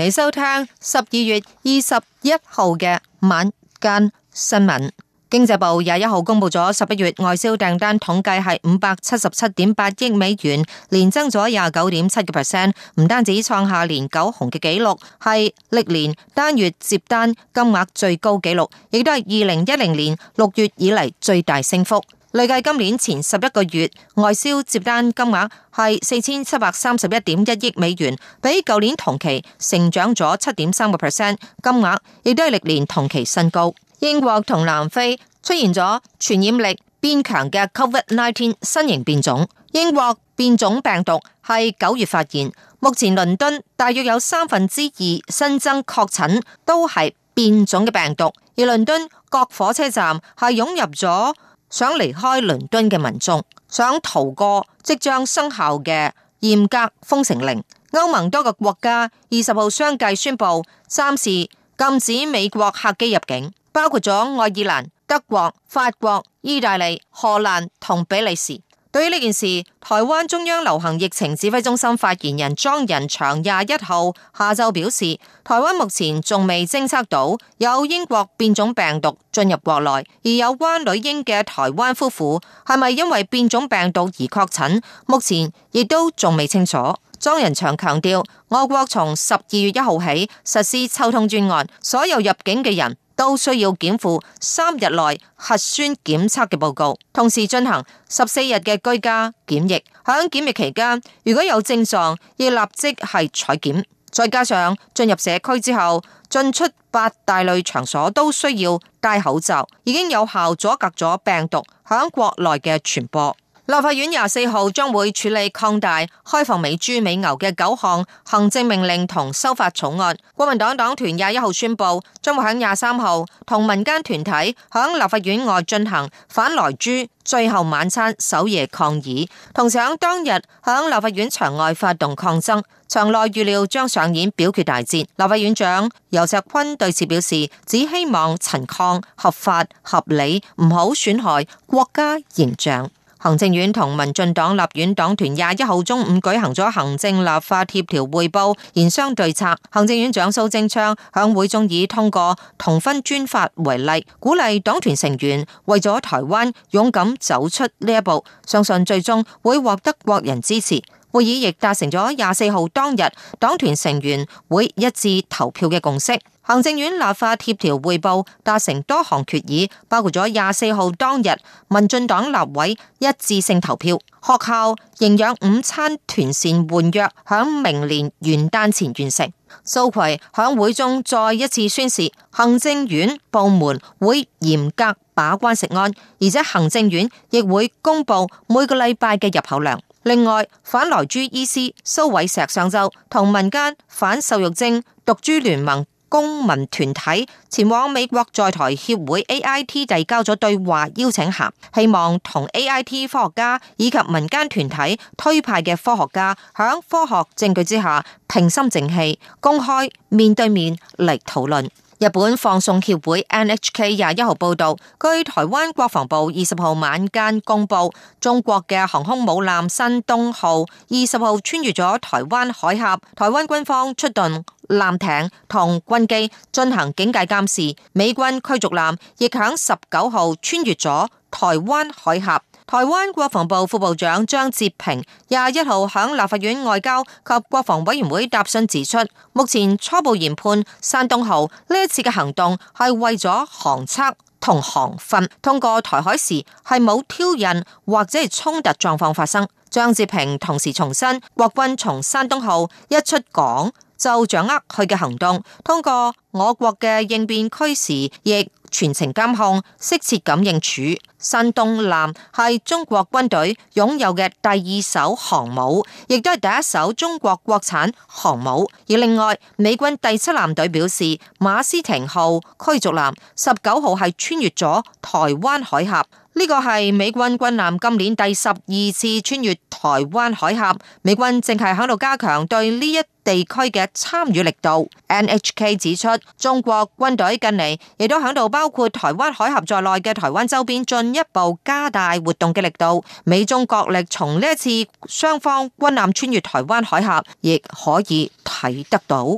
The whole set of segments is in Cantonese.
你收聽十二月二十一號嘅晚間新聞。經濟部廿一號公布咗十一月外銷訂單統計係五百七十七點八億美元，年增咗廿九點七個 percent，唔單止創下年九紅嘅紀錄，係歷年單月接單金額最高紀錄，亦都係二零一零年六月以嚟最大升幅。累計今年前十一個月外銷接單金額係四千七百三十一點一億美元，比舊年同期成長咗七點三個 percent，金額亦都係歷年同期新高。英國同南非出現咗傳染力變強嘅 Covid nineteen 新型變種。英國變種病毒係九月發現，目前倫敦大約有三分之二新增確診都係變種嘅病毒，而倫敦各火車站係湧入咗想離開倫敦嘅民眾，想逃過即將生效嘅嚴格封城令。歐盟多個國家二十號相繼宣布暫時禁止美國客機入境，包括咗愛爾蘭、德國、法國、意大利、荷蘭同比利時。對於呢件事，台灣中央流行疫情指揮中心發言人莊仁祥廿一號下晝表示，台灣目前仲未偵測到有英國變種病毒進入國內，而有關女嬰嘅台灣夫婦係咪因為變種病毒而確診，目前亦都仲未清楚。莊仁祥強調，我國從十二月一號起實施秋冬專案，所有入境嘅人，都需要檢附三日內核酸檢測嘅報告，同時進行十四日嘅居家檢疫。響檢疫期間，如果有症狀，要立即係採檢。再加上進入社區之後，進出八大類場所都需要戴口罩，已經有效阻隔咗病毒響國內嘅傳播。立法院廿四號將會處理擴大開放美豬美牛嘅九項行政命令同修法草案。國民黨黨團廿一號宣布，將會喺廿三號同民間團體響立法院外進行反萊豬最後晚餐守夜抗議，同時當日響立法院場外發動抗爭，場內預料將上演表決大戰。立法院長游錫堃對此表示，只希望陳抗合法合理，唔好損害國家形象。行政院同民進黨立院黨團廿一號中午舉行咗行政立法協調匯報，研商對策。行政院長蘇貞昌向會中以通過同婚專法為例，鼓勵黨團成員為咗台灣勇敢走出呢一步，相信最終會獲得國人支持。會議亦達成咗廿四號當日黨團成員會一致投票嘅共識。行政院立法協調會報達成多項決議，包括咗廿四號當日民進黨立委一致性投票、學校營養午餐團膳換約響明年元旦前完成。蘇揆響會中再一次宣示，行政院部門會嚴格把關食安，而且行政院亦會公布每個禮拜嘅入口量。另外，反萊豬醫師蘇偉石上週同民間反瘦肉精毒豬聯盟公民團體前往美國在台協會 AIT 遞交咗對話邀請函，希望同 AIT 科學家以及民間團體推派嘅科學家，響科學證據之下平心靜氣公開面對面嚟討論。日本放送協會 NHK 廿一號報道，據台灣國防部二十號晚間公布，中國嘅航空母艦山東號二十號穿越咗台灣海峽，台灣軍方出動艦艇同軍機進行警戒監視，美軍驅逐艦亦響十九號穿越咗台灣海峽。台灣國防部副部長張哲平廿一號喺立法院外交及國防委員會答詢指出，目前初步研判山東號呢一次嘅行動係為咗航測同航訓，通過台海時係冇挑釁或者係衝突狀況發生。張哲平同時重申，國軍從山東號一出港就掌握佢嘅行動，通過我國嘅應變區時亦全程監控，適切感應處。山東艦係中國軍隊擁有嘅第二艘航母，亦都係第一艘中國國產航母。而另外，美軍第七艦隊表示，馬斯廷號驅逐艦十九號係穿越咗台灣海峽，呢個係美軍軍艦今年第十二次穿越台灣海峽。美軍正係響度加強對呢一地區嘅參與力度。NHK 指出，中國軍隊近嚟亦都響度包括台灣海峽在內嘅台灣周邊進。進一步加大活動嘅力度，美中角力從呢一次雙方軍艦穿越台灣海峽，亦可以睇得到。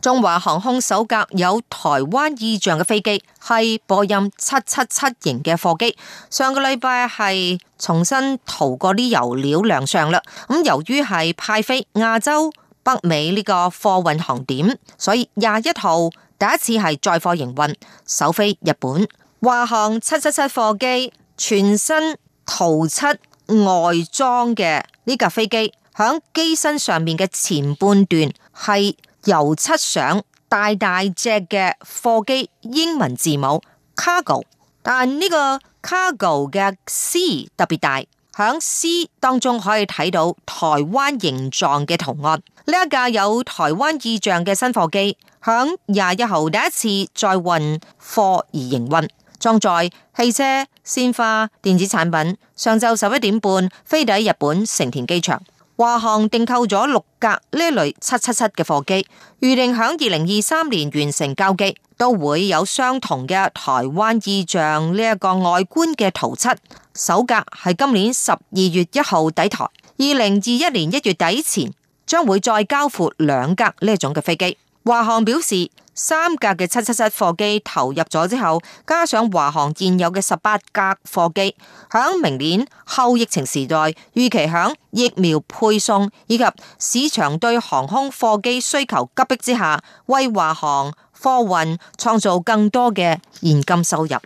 中華航空首架有台灣意象嘅飛機係波音七七七型嘅貨機，上個禮拜係重新塗過啲油料亮相啦。咁由於係派飛亞洲北美呢個貨運航點，所以廿一號第一次係載貨營運，首飛日本。華航七七七貨機全身塗漆外裝嘅呢架飛機，響機身上面嘅前半段係油漆上大大隻嘅貨機英文字母 cargo，但呢個 cargo 嘅 C 特別大，響 C 當中可以睇到台灣形狀嘅圖案。呢一架有台灣意象嘅新貨機，響廿一號第一次再運貨而營運。裝載汽車、鮮花、電子產品，上晝十一點半飛抵日本成田機場。華航訂購咗六架呢類七七七嘅貨機，預定響二零二三年完成交機，都會有相同嘅台灣意象呢一個外觀嘅塗漆。首架係今年十二月一號抵台，二零二一年一月底前將會再交付兩架呢一種嘅飛機。華航表示。三架嘅七七七貨機投入咗之後，加上華航現有嘅十八架貨機，響明年後疫情時代，預期響疫苗配送以及市場對航空貨機需求急迫之下，為華航貨運創造更多嘅現金收入。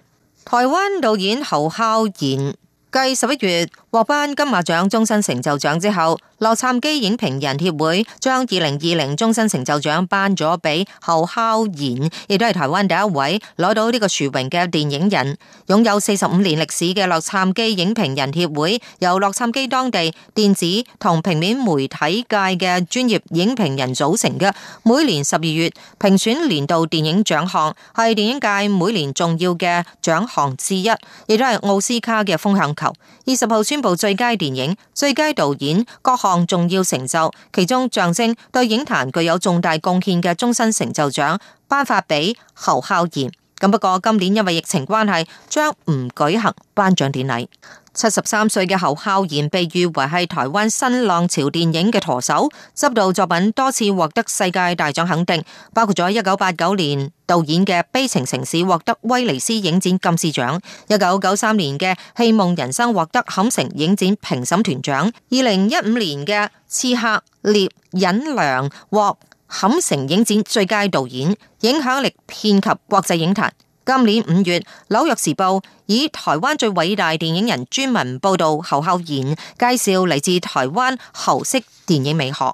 台灣導演侯孝賢繼十一月獲頒金馬獎終身成就獎之後。洛杉磯影評人協會將二零二零終身成就獎頒咗俾侯孝賢，亦都係台灣第一位攞到呢個殊榮嘅電影人。擁有四十五年歷史嘅洛杉磯影評人協會，由洛杉磯當地電子同平面媒體界嘅專業影評人組成嘅。每年十二月評選年度電影獎項，係電影界每年重要嘅獎項之一，亦都係奧斯卡嘅風向球。二十號宣布最佳電影、最佳導演各項。望重要成就，其中象徵對影壇具有重大貢獻嘅終身成就獎，頒發畀侯孝賢。咁不過今年因為疫情關係，將唔舉行頒獎典禮。七十三歲嘅侯孝賢被譽為係台灣新浪潮電影嘅舵手，執導作品多次獲得世界大獎肯定，包括咗一九八九年導演嘅《悲情城市》獲得威尼斯影展金獅獎，一九九三年嘅《戲夢人生》獲得坎城影展評審團獎，二零一五年嘅《刺客聶隱娘》獲。坎城影展最佳導演，影響力遍及國際影壇。今年五月，《紐約時報》以台灣最偉大電影人專文報道侯孝賢，介紹嚟自台灣侯式電影美學。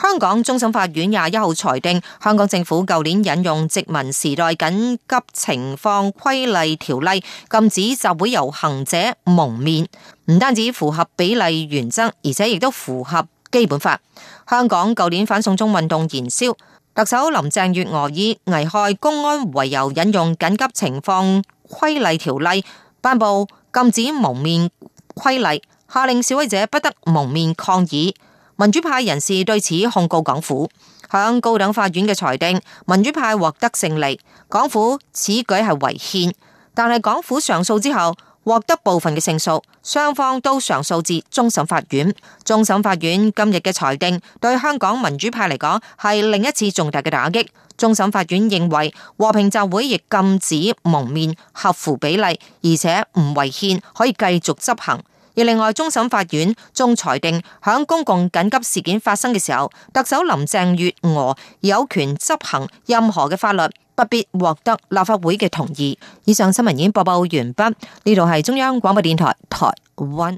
香港終審法院廿一號裁定，香港政府舊年引用殖民時代緊急情況規例條例，禁止集會遊行者蒙面，唔單止符合比例原則，而且亦都符合基本法。香港舊年反送中運動燃燒，特首林鄭月娥以危害公安為由，引用緊急情況規例條例，頒布禁止蒙面規例，下令示威者不得蒙面抗議。民主派人士對此控告港府向高等法院嘅裁定，民主派獲得勝利，港府此舉係違憲。但係港府上訴之後，獲得部分嘅勝訴，雙方都上訴至終審法院。終審法院今日嘅裁定對香港民主派嚟講係另一次重大嘅打擊。終審法院認為和平集會亦禁止蒙面，合乎比例，而且唔違憲，可以繼續執行。而另外，終審法院仲裁定響公共緊急事件發生嘅時候，特首林鄭月娥有權執行任何嘅法律。不必獲得立法會嘅同意。以上新聞已經播報完畢，呢度係中央廣播電台台灣。